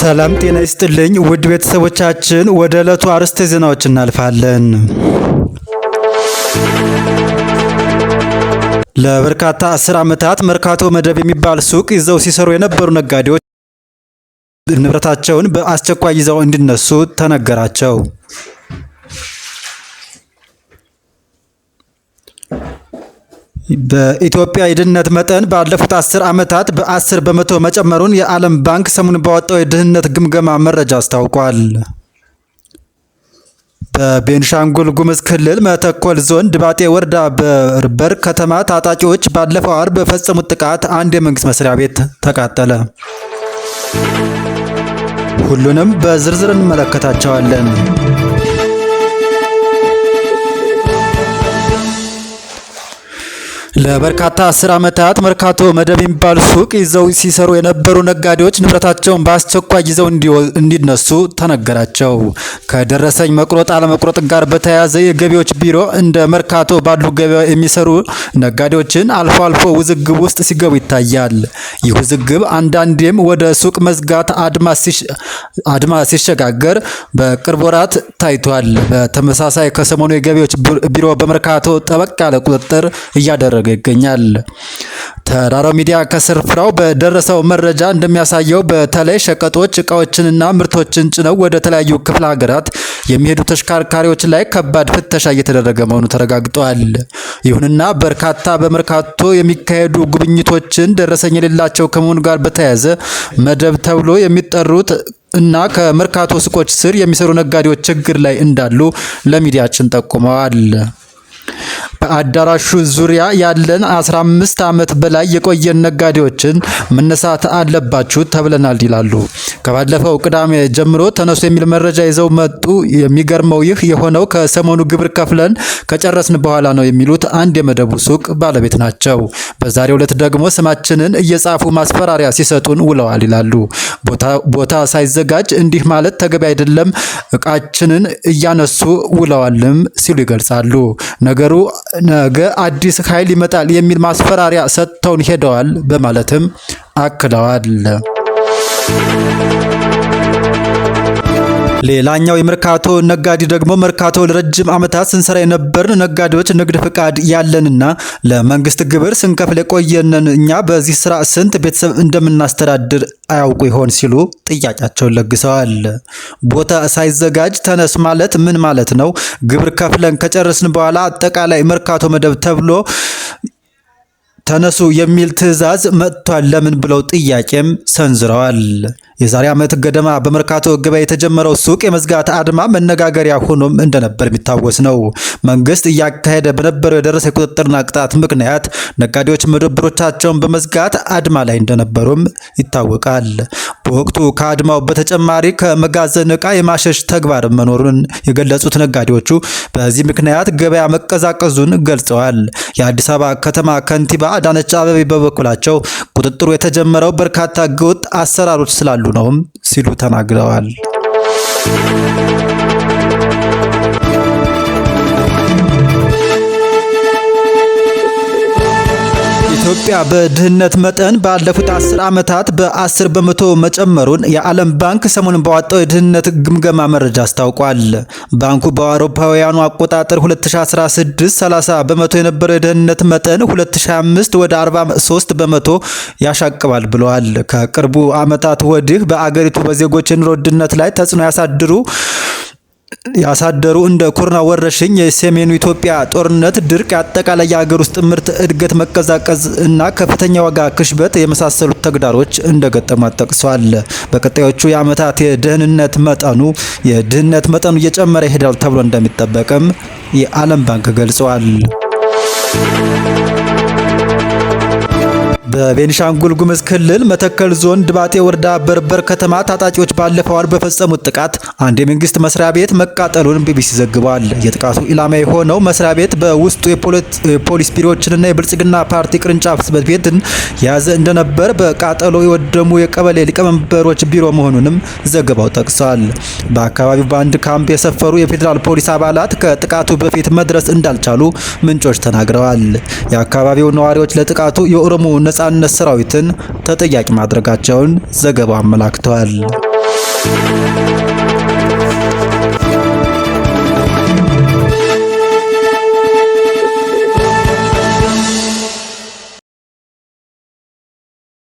ሰላም ጤና ይስጥልኝ ውድ ቤተሰቦቻችን፣ ወደ ዕለቱ አርዕስተ ዜናዎች እናልፋለን። ለበርካታ አስር ዓመታት መርካቶ መደብ የሚባል ሱቅ ይዘው ሲሰሩ የነበሩ ነጋዴዎች ንብረታቸውን በአስቸኳይ ይዘው እንዲነሱ ተነገራቸው። በኢትዮጵያ የድህነት መጠን ባለፉት አስር ዓመታት በአስር በመቶ መጨመሩን የዓለም ባንክ ሰሞኑን ባወጣው የድህነት ግምገማ መረጃ አስታውቋል። በቤንሻንጉል ጉምዝ ክልል መተኮል ዞን ድባጤ ወረዳ በርበር ከተማ ታጣቂዎች ባለፈው አርብ በፈጸሙት ጥቃት አንድ የመንግስት መስሪያ ቤት ተቃጠለ። ሁሉንም በዝርዝር እንመለከታቸዋለን። ለበርካታ አስር ዓመታት መርካቶ መደብ የሚባል ሱቅ ይዘው ሲሰሩ የነበሩ ነጋዴዎች ንብረታቸውን በአስቸኳይ ይዘው እንዲነሱ ተነገራቸው። ከደረሰኝ መቁረጥ አለመቁረጥ ጋር በተያያዘ የገቢዎች ቢሮ እንደ መርካቶ ባሉ ገበያ የሚሰሩ ነጋዴዎችን አልፎ አልፎ ውዝግብ ውስጥ ሲገቡ ይታያል። ይህ ውዝግብ አንዳንዴም ወደ ሱቅ መዝጋት አድማ ሲሸጋገር በቅርብ ወራት ታይቷል። በተመሳሳይ ከሰሞኑ የገቢዎች ቢሮ በመርካቶ ጠበቅ ያለ ቁጥጥር እያደረገ ይገኛል። ተራራው ሚዲያ ከስርፍራው በደረሰው መረጃ እንደሚያሳየው በተለይ ሸቀጦች እቃዎችንና ምርቶችን ጭነው ወደ ተለያዩ ክፍለ ሀገራት የሚሄዱ ተሽከርካሪዎች ላይ ከባድ ፍተሻ እየተደረገ መሆኑ ተረጋግጧል። ይሁንና በርካታ በመርካቶ የሚካሄዱ ጉብኝቶችን ደረሰኝ የሌላቸው ከመሆኑ ጋር በተያያዘ መደብ ተብሎ የሚጠሩት እና ከመርካቶ ሱቆች ስር የሚሰሩ ነጋዴዎች ችግር ላይ እንዳሉ ለሚዲያችን ጠቁመዋል። አዳራሹ ዙሪያ ያለን 15 ዓመት በላይ የቆየን ነጋዴዎችን መነሳት አለባችሁ ተብለናል ይላሉ። ከባለፈው ቅዳሜ ጀምሮ ተነሱ የሚል መረጃ ይዘው መጡ። የሚገርመው ይህ የሆነው ከሰሞኑ ግብር ከፍለን ከጨረስን በኋላ ነው የሚሉት አንድ የመደቡ ሱቅ ባለቤት ናቸው። በዛሬው ዕለት ደግሞ ስማችንን እየጻፉ ማስፈራሪያ ሲሰጡን ውለዋል ይላሉ። ቦታ ሳይዘጋጅ እንዲህ ማለት ተገቢ አይደለም፣ እቃችንን እያነሱ ውለዋልም ሲሉ ይገልጻሉ። ነገሩ ነገ አዲስ ኃይል ይመጣል የሚል ማስፈራሪያ ሰጥተውን ሄደዋል በማለትም አክለዋል። ሌላኛው የመርካቶ ነጋዴ ደግሞ መርካቶ ለረጅም ዓመታት ስንሰራ የነበርን ነጋዴዎች ንግድ ፍቃድ ያለንና ለመንግስት ግብር ስንከፍል የቆየንን እኛ በዚህ ስራ ስንት ቤተሰብ እንደምናስተዳድር አያውቁ ይሆን ሲሉ ጥያቄያቸውን ለግሰዋል። ቦታ ሳይዘጋጅ ተነስ ማለት ምን ማለት ነው? ግብር ከፍለን ከጨረስን በኋላ አጠቃላይ መርካቶ መደብ ተብሎ ተነሱ የሚል ትዕዛዝ መጥቷል ለምን ብለው ጥያቄም ሰንዝረዋል። የዛሬ ዓመት ገደማ በመርካቶ ገበያ የተጀመረው ሱቅ የመዝጋት አድማ መነጋገሪያ ሆኖም እንደነበር የሚታወስ ነው። መንግስት እያካሄደ በነበረው የደረሰ የቁጥጥርና ቅጣት ምክንያት ነጋዴዎች መደብሮቻቸውን በመዝጋት አድማ ላይ እንደነበሩም ይታወቃል። በወቅቱ ከአድማው በተጨማሪ ከመጋዘን ዕቃ የማሸሽ ተግባር መኖሩን የገለጹት ነጋዴዎቹ በዚህ ምክንያት ገበያ መቀዛቀዙን ገልጸዋል። የአዲስ አበባ ከተማ ከንቲባ አዳነች አበቤ በበኩላቸው ቁጥጥሩ የተጀመረው በርካታ ህገወጥ አሰራሮች ስላሉ ነውም ሲሉ ተናግረዋል። ኢትዮጵያ በድህነት መጠን ባለፉት አስር ዓመታት በአስር በመቶ መጨመሩን የዓለም ባንክ ሰሞኑን ባወጣው የድህነት ግምገማ መረጃ አስታውቋል። ባንኩ በአውሮፓውያኑ አቆጣጠር 2016 30 በመቶ የነበረው የድህነት መጠን 2025 ወደ 43 በመቶ ያሻቅባል ብለዋል። ከቅርቡ ዓመታት ወዲህ በአገሪቱ በዜጎች የኑሮ ውድነት ላይ ተጽዕኖ ያሳድሩ ያሳደሩ እንደ ኮሮና ወረርሽኝ፣ የሰሜኑ ኢትዮጵያ ጦርነት፣ ድርቅ፣ የአጠቃላይ የሀገር ውስጥ ምርት እድገት መቀዛቀዝ እና ከፍተኛ ዋጋ ክሽበት የመሳሰሉት ተግዳሮች እንደገጠሟት ጠቅሷል። በቀጣዮቹ የአመታት የድህንነት መጠኑ የድህነት መጠኑ እየጨመረ ይሄዳል ተብሎ እንደሚጠበቅም የዓለም ባንክ ገልጸዋል። በቤኒሻንጉል ጉምዝ ክልል መተከል ዞን ድባጤ ወረዳ በርበር ከተማ ታጣቂዎች ባለፈው በፈጸሙት ጥቃት አንድ የመንግስት መስሪያ ቤት መቃጠሉን ቢቢሲ ዘግቧል። የጥቃቱ ኢላማ የሆነው መስሪያ ቤት በውስጡ የፖሊስ ቢሮዎችንና የብልጽግና ፓርቲ ቅርንጫፍ ጽሕፈት ቤትን የያዘ እንደነበር በቃጠሎ የወደሙ የቀበሌ ሊቀመንበሮች ቢሮ መሆኑንም ዘገባው ጠቅሷል። በአካባቢው በአንድ ካምፕ የሰፈሩ የፌዴራል ፖሊስ አባላት ከጥቃቱ በፊት መድረስ እንዳልቻሉ ምንጮች ተናግረዋል። የአካባቢው ነዋሪዎች ለጥቃቱ የኦሮሞ ነ። ነጻነት ሰራዊትን ተጠያቂ ማድረጋቸውን ዘገባው አመላክተዋል።